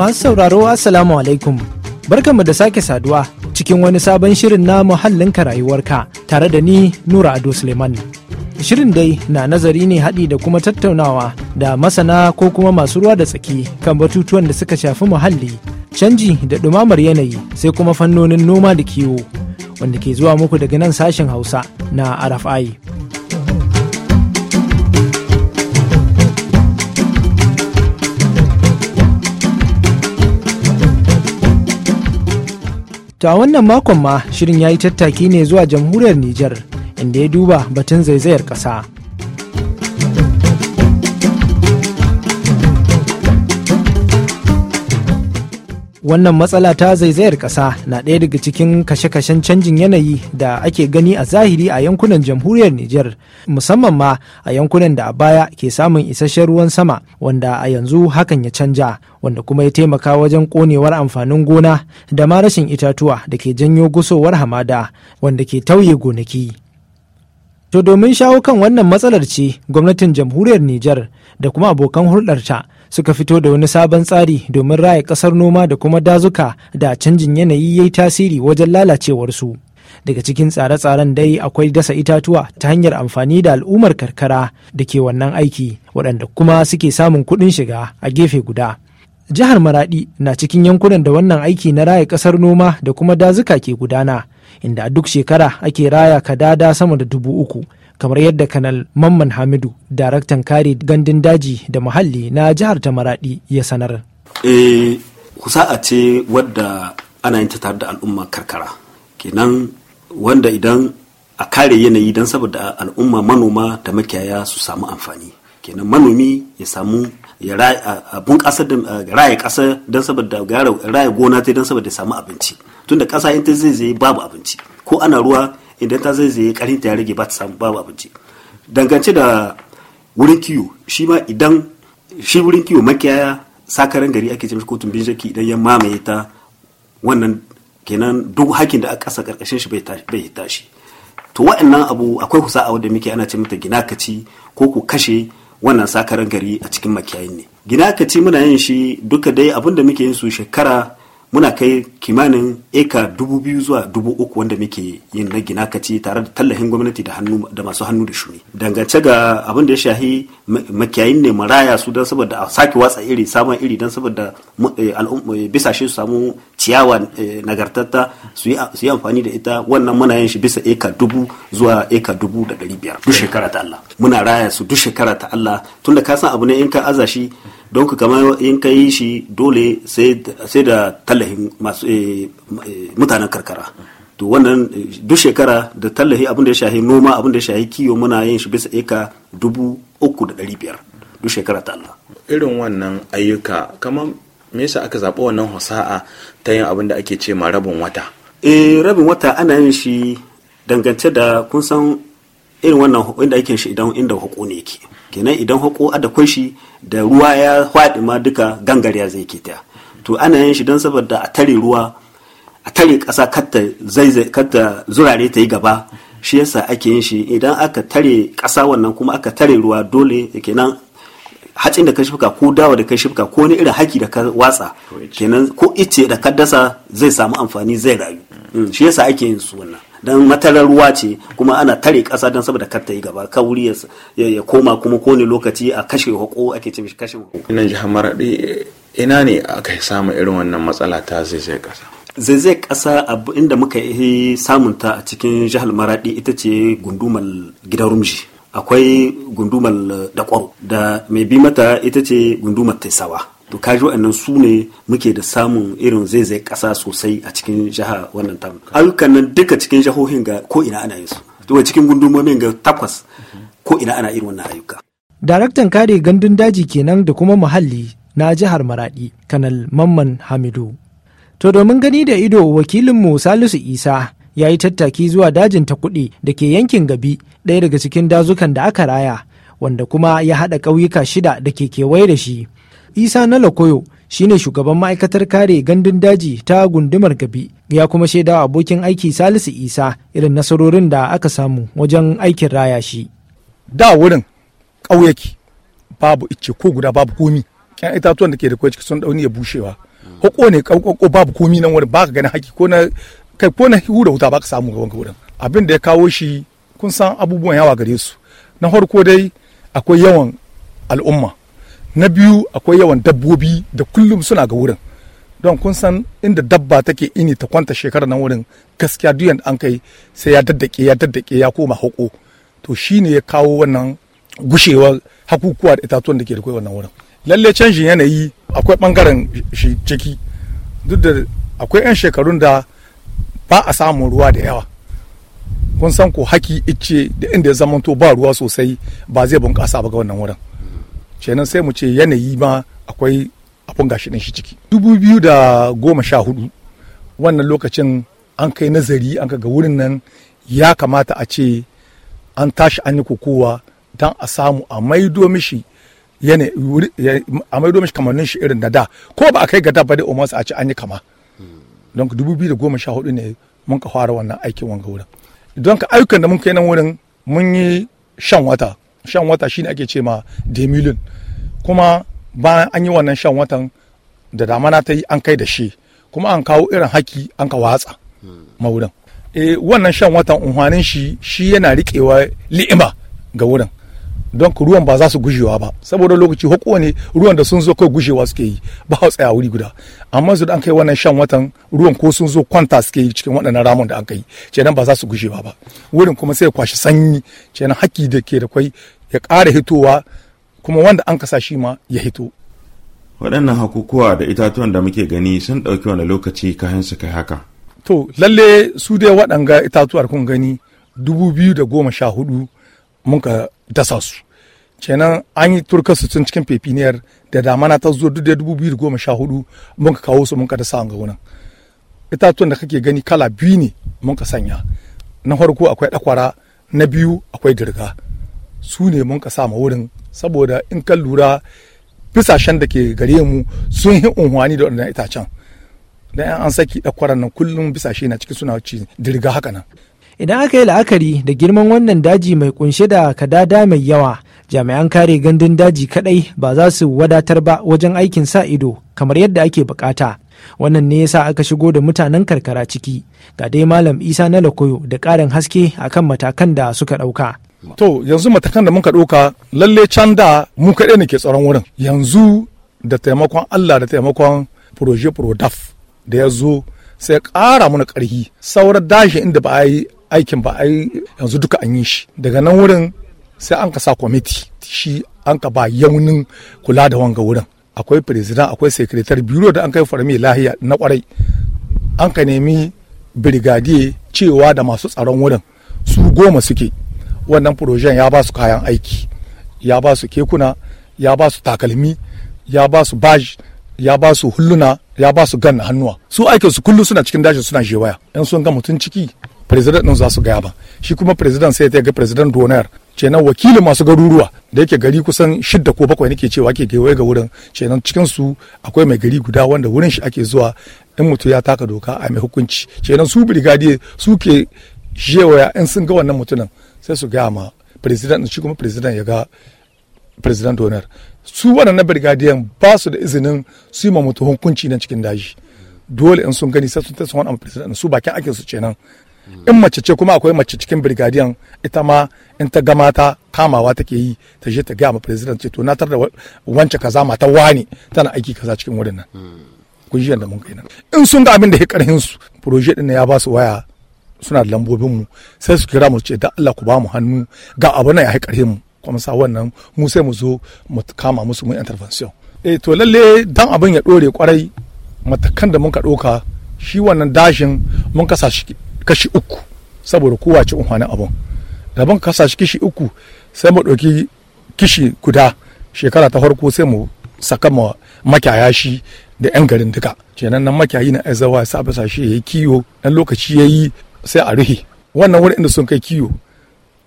Masu sauraro Assalamu alaikum. Barkanmu da sake saduwa cikin wani sabon shirin na muhallin muhallinka rayuwarka tare da ni Nura Ado Suleiman. Shirin dai na nazari ne haɗi da kuma tattaunawa da masana ko kuma masu ruwa da tsaki kan batutuwan da suka shafi muhalli, canji da ɗumamar yanayi sai kuma fannonin noma da kiwo wanda ke zuwa muku daga nan sashen Hausa na RFI. To a wannan makon ma shirin ya yi tattaki ne zuwa jamhuriyar Nijar inda ya duba batun zaizayar ƙasa. wannan matsala ta zaizayar ƙasa na ɗaya daga cikin kashe-kashen canjin yanayi da ake gani a zahiri a yankunan jamhuriyar Nijar musamman ma a yankunan da a baya ke samun isasshen ruwan sama wanda a yanzu hakan ya canja wanda kuma ya taimaka wajen ƙonewar amfanin gona da ma rashin itatuwa da ke janyo gusowar hamada wanda ke tauye gonaki. To domin shawo kan wannan matsalar ce gwamnatin jamhuriyar Nijar da kuma abokan hulɗarta suka fito da wani sabon tsari domin raya kasar noma da kuma dazuka da canjin yanayi yayi tasiri wajen lalacewarsu. Daga cikin tsare-tsaren dai akwai dasa itatuwa ta hanyar amfani da al'ummar karkara da ke wannan aiki, waɗanda kuma suke samun kuɗin shiga a gefe guda. Jihar Maraɗi na cikin yankunan da wannan aiki na raya ƙasar noma da kuma dazuka ke gudana, inda a duk shekara ake raya kadada sama da dubu uku. kamar yadda kanal mamman hamidu daraktan kare gandun daji da muhalli na jihar ta maradi ya sanar eh, sa a ce wadda ana yin ta tare da al'umma karkara kenan wanda idan a kare yanayi don saboda al'umma manoma da makiyaya su samu amfani kenan manomi ya samu ya kasa da raya kasa don saboda raya gona ta don saboda ya samu abinci tunda kasa in ta zai zai babu abinci ko ana ruwa idan ta zaizaye karinta ya rage ba ta samu babu abinci dangance da wurin kiwo shi ma idan shi wurin kiwo makiyaya sakaran gari ake cewa kotun binjaki idan ya mamaye ta wannan kenan duk hakin da aka kasa karkashin shi bai tashi to wa'annan abu akwai kusa a wanda muke ana ce mata gina kaci ko ku kashe wannan sakaran gari a cikin makiyayin ne gina kaci muna yin shi duka dai abin da muke yin su shekara muna kai kimanin eka dubu biyu zuwa dubu uku wanda muke yin na gina kaci tare da tallafin gwamnati da hannu da masu hannu da shuni dangance ga abin da ya shahi makiyayin ne maraya su don saboda a sake watsa iri samun iri don saboda eh, eh, bisashe su samu ciyawa eh, nagartatta su yi amfani da ita wannan muna yin shi bisa eka dubu zuwa eka dubu da ɗari biyar duk shekara ta Allah muna raya su duk shekara ta Allah tunda ka san abu ne in ka aza shi don ka kama in ka yi shi dole sai da tallahin masu eh, eh, mutanen karkara to wannan eh, duk shekara da tallahi abin da ya shahi noma abin da ya shahi kiyo muna yin shi bisa eka dubu uku da ɗari biyar duk shekara ta Allah irin wannan ayyuka kamar me yasa aka zaɓi wannan fasaha ta yin abin da ake ce ma rabin wata eh rabin wata ana yin shi dangance da kun san irin wannan inda ake shi idan inda hukuni yake kenan idan hako a da shi da ruwa ya faɗi ma duka gangariya zai ta to ana yin shi don saboda a tare ruwa a tare ƙasa katta zurare ta yi gaba shi yasa ake yin shi idan aka tare ƙasa wannan kuma aka tare ruwa dole kenan hatsin da ka shifka ko dawa da ka shifka ko wani irin haki da ka watsa kenan ko ice da ka dasa zai samu amfani zai rayu mm. Mm. shi yasa ake yin su wannan dan matarar ruwa ce kuma ana tare ƙasa don saboda kar ta yi gaba ka wuri ya koma kuma kowane lokaci a kashe hako ake ce kashe hako. Ina ji eh, ina ne aka samu irin wannan matsala ta zai ƙasa. zai ƙasa abu inda muka yi samun ta a cikin jihar maraɗi ita ce gundumar gidan rumji akwai gundumar eh, dakwaro da mai bi mata ita ce gundumar taisawa to kaji wa'annan su ne muke da samun irin zai zai ƙasa sosai a cikin jiha wannan tamu ayyukan nan duka cikin jihohin ga ko ina ana yin su to cikin gundumomin ga takwas ko ina ana irin wannan ayyuka daraktan kare gandun daji kenan da kuma muhalli na jihar maradi kanal mamman hamidu to domin gani da ido wakilinmu salisu isa ya yi tattaki zuwa dajin ta kuɗi da ke yankin gabi ɗaya daga cikin dazukan da aka raya wanda kuma ya haɗa ƙauyuka shida da ke kewaye da shi isa na lokoyo shine shugaban ma'aikatar kare gandun daji ta gundumar gabi ya kuma shaida abokin aiki salisu isa irin nasarorin da aka samu wajen aikin raya shi da wurin ƙauyaki babu icce ko guda babu komi yan itatuwan da ke da kwai sun dauni ya bushewa hako ne kaukako babu komi nan wurin baka ganin haki ko na kai ko na hura wuta baka samu gaban wurin abin da ya kawo shi kun san abubuwan yawa gare su na farko dai akwai yawan al'umma na biyu akwai yawan dabbobi da kullum suna ga wurin don kun san inda dabba take ini ta kwanta shekarar nan wurin gaskiya duyan an kai sai ya daddake ya daddake ya koma hako to shine ya kawo wannan gushewar hakukuwa da itatuwan da ke da kai wannan wurin lalle canjin yanayi akwai bangaren ciki duk da akwai 'yan shekarun da ba a samun ruwa da yawa kun san ko haki icce da inda ya zamanto ba ruwa sosai ba zai bunƙasa ba ga wannan wurin kenan sai mu ce yanayi ma akwai abun gashi ɗin shi ciki dubu biyu da goma sha hudu wannan lokacin an kai nazari an ga wurin nan ya kamata a ce an tashi an yi kokowa don a samu a maido mishi a maido mishi shi irin na da ko ba a kai ga da ba dai masa a ce an yi kama hmm. don ka dubu biyu da goma sha hudu ne mun ka fara wannan aikin wanga wurin don ka ayyukan da mun kai nan wurin mun yi shan wata shan wata shine ake ce ma demilin kuma bayan an yi wannan shan watan da damana ta yi an kai da shi kuma an kawo irin haki an ka watsa mawurin e eh, wannan shan watan unhwanin shi shi yana riƙewa li'ima ga wurin don ruwan ba za su gujewa ba saboda lokaci hukuwa ne ruwan da sun zo kai gujewa suke yi ba a tsaya wuri guda amma su da an kai wannan shan watan ruwan ko sun zo kwanta suke yi cikin waɗannan ramun da an kai kenan ba za su gujewa ba wurin kuma sai ya kwashi sanyi kenan haƙƙi da ke da kwai ya ƙara hitowa kuma wanda an kasa shi ma ya hito waɗannan hakukuwa da itatuwan da muke gani sun ɗauki wani lokaci kayan su kai haka to lalle su dai waɗanga itatuwar kun gani dubu biyu da goma sha hudu mun muka dasa su kenan an yi turka su tun cikin pepiniyar da damana ta zo duk da dubu biyu goma sha hudu mun ka kawo su mun ka dasa ga gauna itatuwan da kake gani kala biyu ne mun ka sanya na farko akwai ɗakwara na biyu akwai dirga su ne mun ka sa ma wurin saboda in ka lura fisashen da ke gare mu sun yi unhuwani da wannan itacen da an saki dakwaran nan kullum bisashe na cikin suna ci dirga haka nan idan aka yi la'akari da girman wannan daji mai kunshe da kadada mai yawa jami'an kare gandun daji kadai ba za su wadatar ba wajen aikin sa ido kamar yadda ake bukata wannan ne yasa aka shigo da mutanen karkara ciki ga dai malam isa na lakoyo da karin haske akan matakan da suka dauka to yanzu matakan da muka ɗauka lalle can da mu kadai ne ke tsaron wurin yanzu da taimakon allah da taimakon proje prodaf da ya zo sai kara mana ƙarfi sauran dashi inda ba a yi aikin ba ai yanzu duka an yi shi daga nan wurin sai an ka sa kwamiti shi an ka ba yaunin kula da wanga wurin akwai president akwai sekretar biro da an kai farmi lahiya na kwarai an ka nemi brigadier cewa da masu tsaron wurin su goma suke wannan projen ya ba su kayan aiki ya ba su kekuna ya ba su takalmi ya ba su baj ya ba su hulluna ya ba su gan hannuwa su aikin su kullu suna cikin dajin suna shewaya in sun ga mutum ciki president din za su gaya ba shi kuma president sai ya ga president donor kenan wakilin masu garuruwa da yake gari kusan shidda ko bakwai nake cewa ke gaiwaye ga wurin kenan cikin su akwai mai gari guda wanda wurin shi ake zuwa in mutum ya taka doka a mai hukunci kenan su brigadier su ke jewaya in sun ga wannan mutumin sai su gaya ma president shi kuma president ya ga president donor su waɗannan brigadier ba su da izinin su yi ma mutum hukunci nan cikin daji dole in sun gani sai sun tasa wani president su bakin ake su kenan in mace ce kuma akwai mace cikin birgadiyan ita ma in ta gama ta kamawa take yi ta je ta gaya ma president ce to na tar da wance kaza mata wani tana aiki kaza cikin wurin nan kun da mun kai nan in sun ga abin da ya karhin su proje din ya ba su waya suna da lambobin mu sai su kira mu ce da Allah ku ba mu hannu ga abu na ya karhin mu kuma sa wannan mu sai mu zo mu kama musu mu intervention eh to lalle dan abin ya dore kwarai matakan da muka ɗauka shi wannan dashin mun kasa shi kashi uku saboda kowa ci unhwanin abun rabon ka kishi uku sai mu ɗauki kishi guda shekara ta farko sai mu saka ma makyaya shi da 'yan garin duka kenan nan makyayi na aizawa sa bisa shi ya yi kiwo dan lokaci ya yi sai a ruhe wannan wurin inda sun kai kiwo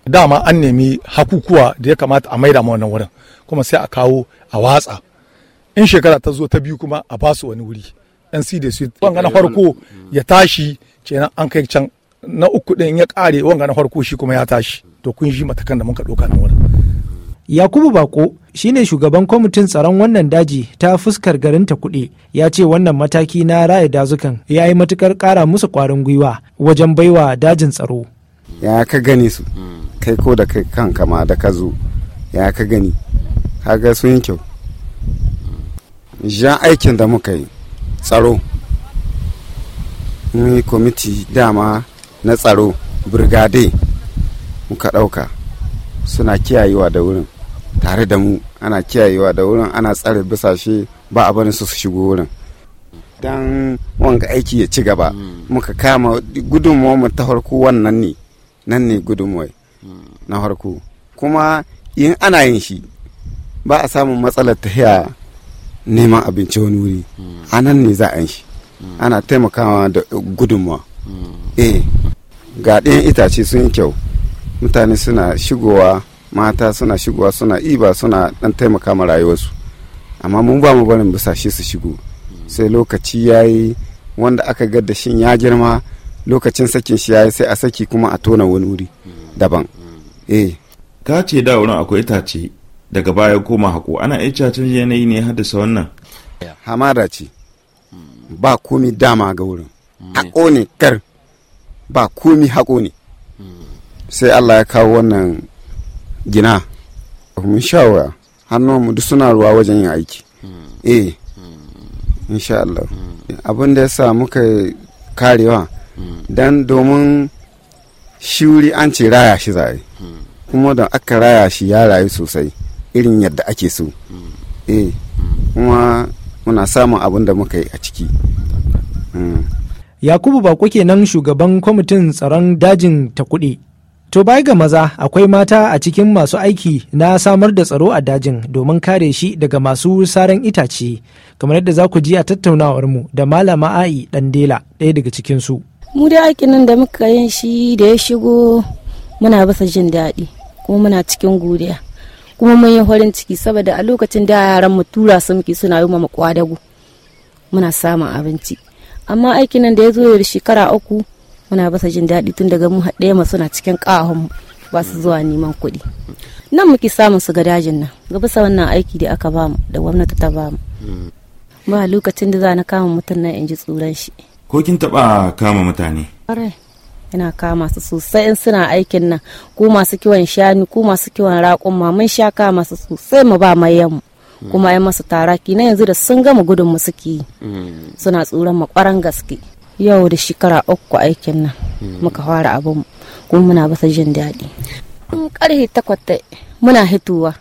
dama an nemi hakukuwa da ya kamata a maida ma wannan wurin kuma sai a kawo a watsa in shekara ta zo ta biyu kuma a basu wani wuri yan cdc wanga na farko ya tashi kenan an kai can na uku din ya kare wanga na farko shi kuma ya tashi to kun shi matakan da muka doka nan wurin Yakubu Bako shine shugaban kwamitin tsaron wannan daji ta fuskar garin ta kuɗi ya ce wannan mataki na raya dazukan ya yi matukar ƙara musu ƙwarin gwiwa wajen baiwa dajin tsaro. Ya ka gani su, kai ko da kai kan kama da ka zo, ya ka gani, kaga sun kyau. Ja aikin da muka yi, tsaro, mun yi kwamiti dama na tsaro burgade muka ɗauka suna kiyayewa da wurin tare da mu ana kiyayewa da wurin ana tsare bisashe ba a barin su su shigo wurin don wanga aiki ya ci gaba muka kama gudunmuwa mu ta farko wannan ne nan ne gudunmuwa na farko kuma yin ana yin shi ba a samun matsalar tahiya neman abinci wani wuri a nan ne za a yin shi ana taimakawa da gudunmuwa eh ga itace sun yi kyau mutane suna shigowa mata suna shigowa suna iba suna ɗan taimakawa rayuwarsu amma mun ba mu barin shi su shigo sai lokaci ya yi wanda aka ga da shin ya girma lokacin sakin shi ya yi sai a saki kuma a tona wani wuri daban eh ka ce da wurin akwai itace daga baya koma haƙo ana iya yanayi ne haddasa wannan hamada ce ba komi dama ga wurin haƙo ne kar ba komi haƙo ne sai allah ya kawo wannan gina mun shawara hannunmu duk suna ruwa wajen yin aiki eh insha allah abin da ya sa muka karewa don domin shuri an ce raya shi za'a kuma da aka raya shi ya rayu sosai irin yadda ake so eh kuma muna samun abin da muka yi a ciki hmm. yakubu bako kenan shugaban kwamitin tsaron dajin ta kuɗi to baya ga maza akwai mata a cikin masu aiki na samar da tsaro a dajin domin kare shi daga masu saran itace kamar yadda za ku ji a tattaunawar mu da malama a'i dandela ɗaya daga cikin su mu da aikin nan da muka yin shi da ya shigo muna basa jin daɗi kuma muna cikin godiya kuma mun yi farin ciki saboda a lokacin da yaran mu tura su muke suna yi mu kwadago muna samun abinci amma aikin nan da ya zo da shekara uku muna basa jin daɗi tun daga mu haɗe ma suna cikin ƙahon ba su zuwa neman kuɗi nan muke samun su ga dajin nan ga bisa wannan aiki da aka bamu da gwamnati ta bamu ba lokacin da za na kama mutum na in ji tsoron shi ko kin taɓa kama mutane ina kama su sosai in suna aikin nan ku masu kiwon shanu ku masu kiwon ma mun sha kama su sosai mu ba mai yamu kuma ai masu taraki na yanzu da sun gama gudun mu suke mm. suna tsoron mu kwaran gaske yau da shekara uku aikin nan mm. muka fara abin kuma muna basa jin daɗi in karfe takwas muna hituwa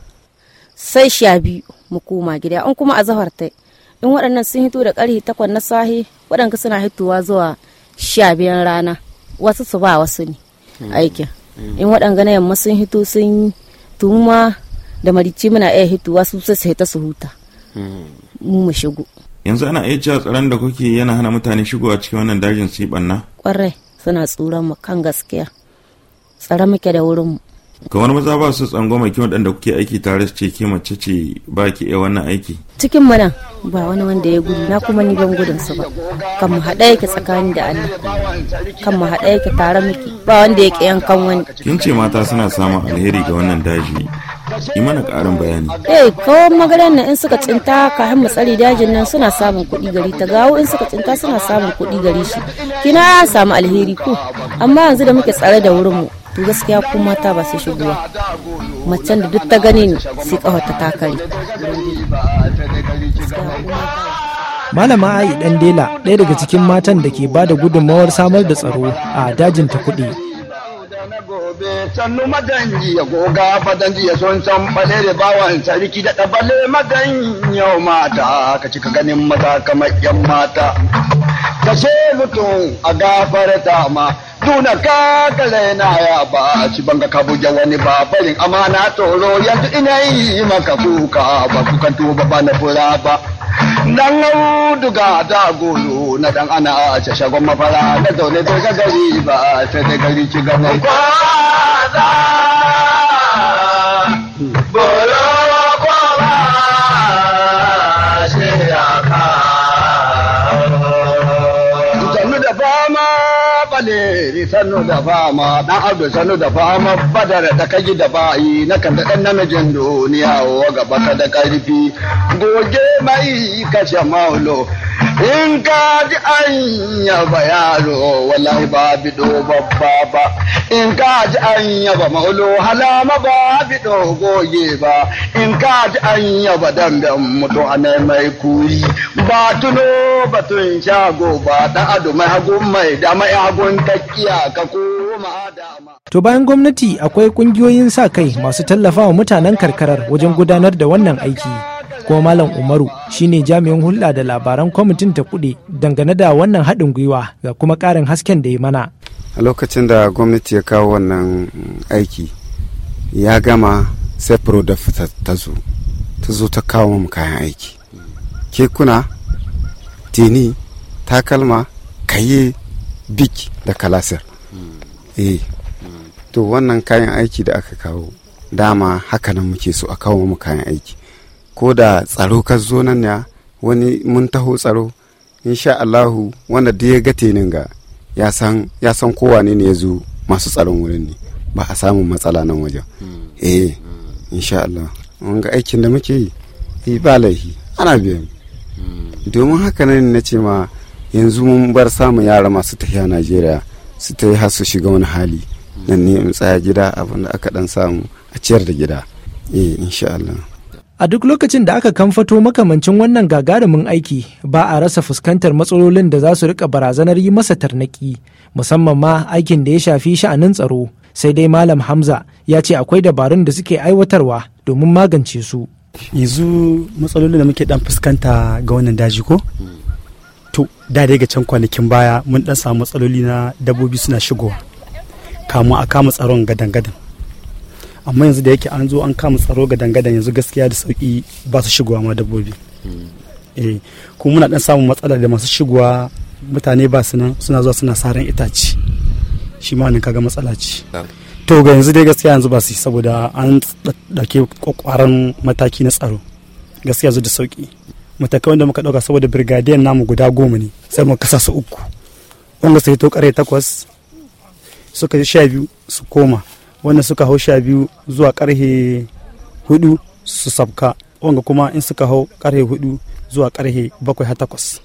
sai sha biyu mu koma gida in kuma azahar ta in waɗannan sun hito da karfe takwas na sahi waɗanka suna hituwa zuwa sha biyan rana wasu su ba wasu ne hmm. aikin hmm. in waɗanga na yamma sun hito sun yi tumuma da marici muna iya hitowa su sai su hita su huta hmm. mu mu shigo yanzu ana iya cewa tsaron da kuke yana hana mutane shigowa cikin wannan dajin su yi ɓanna kwarai suna tsoron mu kan gaskiya tsaron muke da wurin mu kamar maza ba su mai kyau waɗanda kuke aiki tare su ce ke mace ce ba ki iya wannan aiki cikin mana ba wani wanda ya gudu na kuma ni ban gudun su ba kan mu haɗa yake tsakani da Allah kan mu haɗa yake tare miki ba wanda ya ƙi yankan wani kin ce mata suna samun alheri ga wannan daji yi mana ƙarin bayani eh kawai magaran nan in suka tsinta ka mu tsari dajin nan suna samun kuɗi gari ta gawo in suka tsinta suna samun kuɗi gari shi kina samu alheri ko amma yanzu da muke tsare da wurin mu gaskiya ko mata ba sai shigowa macen da duk ta gani ne sai kawata ta kare malama ayi dan dela ɗaya daga cikin matan da ke bada gudunmawar samar da tsaro a dajin ta kuɗi sannu madanji ya goga fadanji ya son san bale da bawan sarki da ɗabale madan yau mata ka cika ganin maza kamar yan mata ka ce mutum a gafarta ma duna kakale na ya ba ci banga kabuja wani ba barin amana toro yanzu ina yi maka kuka ba kukan tuba ba na fura ba dan auduga da golo na dan ana ce shagon mafara na zaune gari ba sai da gari ci gaba sannu da fama dan abdu sannu da fama badar da kaji da ba'i na kan da dan namijin duniya wa gaba ka da karfi goge mai kashe maulo in ka ji an ba yaro wallahi ba bido babba ba in ka ji an ba maulo halama ba bido goge ba in ka ji an yaba damben mutu ana mai kuri ba tuno batun shago ba da ado mai hagun mai da mai hagun takkiya ka koma da To bayan gwamnati akwai kungiyoyin sa kai masu tallafawa mutanen karkarar wajen gudanar da wannan aiki. kuma malam umaru shine jami'in hulɗa da labaran kwamitin ta kuɗi dangane da wannan haɗin gwiwa ga kuma ƙarin hasken da ya mana a lokacin da gwamnati ya kawo wannan aiki ya gama sai da ta zo ta zo ta kawo mu kayan aiki kekuna tini takalma kaye bik da kalasir eh to wannan kayan aiki da aka kawo dama hakanan muke so a kawo mu kayan aiki ko da tsaro ka zo nan ya wani mun taho tsaro insha Allahu wanda da ya ga tenin ga ya san kowa ne ne ya zo masu tsaron wurin ne ba a samu matsala nan wajen hmm. eh insha Allah mun ga aikin da muke yi yi ba laifi ana biyan hmm. domin haka nan na ce ma yanzu mun bar samun yara masu tafiya Najeriya su ta yi har su shiga wani hali nan ne in tsaya gida abin da aka dan samu a ciyar da gida eh insha Allah A duk lokacin da aka kamfato makamancin wannan gagarumin aiki ba a rasa fuskantar matsalolin da za su rika barazanar yi masa tarnaki musamman ma aikin da ya shafi sha'anin tsaro sai dai Malam Hamza ya ce akwai dabarun da suke aiwatarwa domin magance su. Yanzu matsalolin da muke dan fuskanta ga wannan daji ko? To da dai ga can kwanakin baya mun dan samu matsaloli na dabbobi suna shigowa kamun a kama tsaron gadan-gadan. amma yanzu da yake an zo an kama tsaro ga dangada yanzu gaskiya da sauki ba su shigowa ma dabbobi eh, kuma muna dan samun matsala da masu shigowa mutane ba su nan suna zuwa suna saran itace shi ma kaga matsala ce to ga yanzu dai gaskiya yanzu ba su saboda an dauke kwakwaran mataki na tsaro gaskiya yanzu da sauki matakai wanda muka dauka saboda brigadier namu guda goma ne sai mu kasa su uku wanda sai to kare takwas suka sha biyu su koma wanda suka hau sha biyu zuwa karhe hudu su sabka wanga kuma in suka hau karhe hudu zuwa karhe bakwai har takwas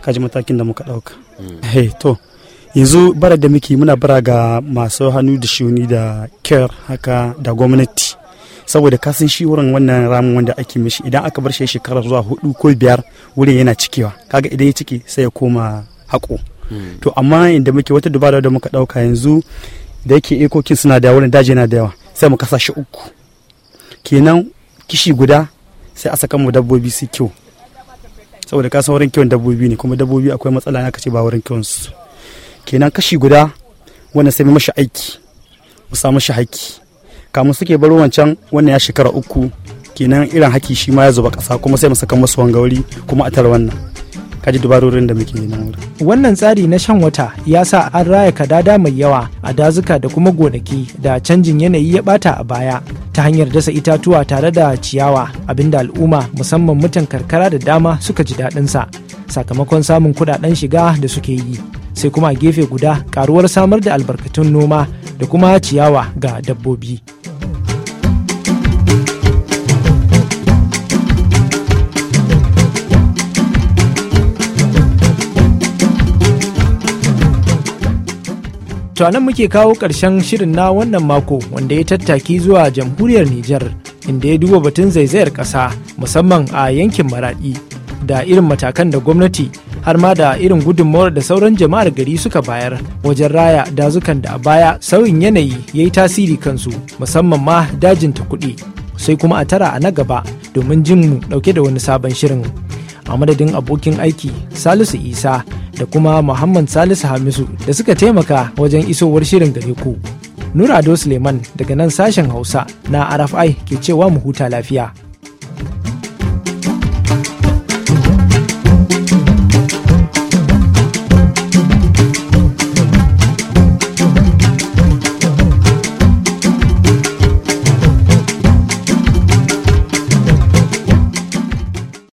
kaji matakin da muka dauka mm. hey, to yanzu bara da muke muna bara ga masu hannu da shuni da kyar haka da gwamnati saboda kasan shi wurin wannan ramin wanda ake mishi idan aka bar shi shekara zuwa hudu ko biyar wurin yana cikewa kaga idan ya cike sai ya koma haƙo mm. to amma inda muke wata dubara da muka ɗauka yanzu da yake ekokin suna da wurin daji na da yawa sai mu kasa shi uku kenan kishi guda sai a saka mu dabbobi su kyau saboda ka san wurin kiwon dabbobi ne kuma dabbobi akwai matsala na kace ba wurin kiwon su kenan kashi guda wanda sai mai mashi aiki mu samu shi haki kamun suke bar wancan wannan ya shekara uku kenan irin haki shi ma ya zuba kasa kuma sai mu saka masu wangauri kuma a tar wannan kaji dubarorin da muke nan wurin. Wannan tsari na shan wata ya sa an raya kadada mai yawa a dazuka da kuma gonaki da canjin yanayi ya bata a baya ta hanyar dasa itatuwa tare da ciyawa abinda al'umma musamman mutan karkara da dama suka ji daɗinsa sakamakon samun kuɗaɗen shiga da suke yi. sai kuma a gefe guda karuwar samar da albarkatun noma da kuma ciyawa ga dabbobi. To nan muke kawo ƙarshen shirin na wannan mako wanda ya tattaki zuwa jamhuriyar Nijar inda ya duba batun zaizayar ƙasa musamman a yankin Maraɗi da irin matakan da gwamnati har ma da irin gudunmawar da sauran jama'ar gari suka bayar wajen raya dazukan da a baya sauyin yanayi ya yi tasiri kansu musamman ma dajinta kuɗi sai kuma a tara a na gaba domin jin mu ɗauke da wani sabon shirin. a madadin abokin aiki salisu isa da kuma muhammad salisu hamisu da suka taimaka wajen isowar shirin gare ku nura ado suleiman daga nan sashen hausa na rfi ke cewa mu huta lafiya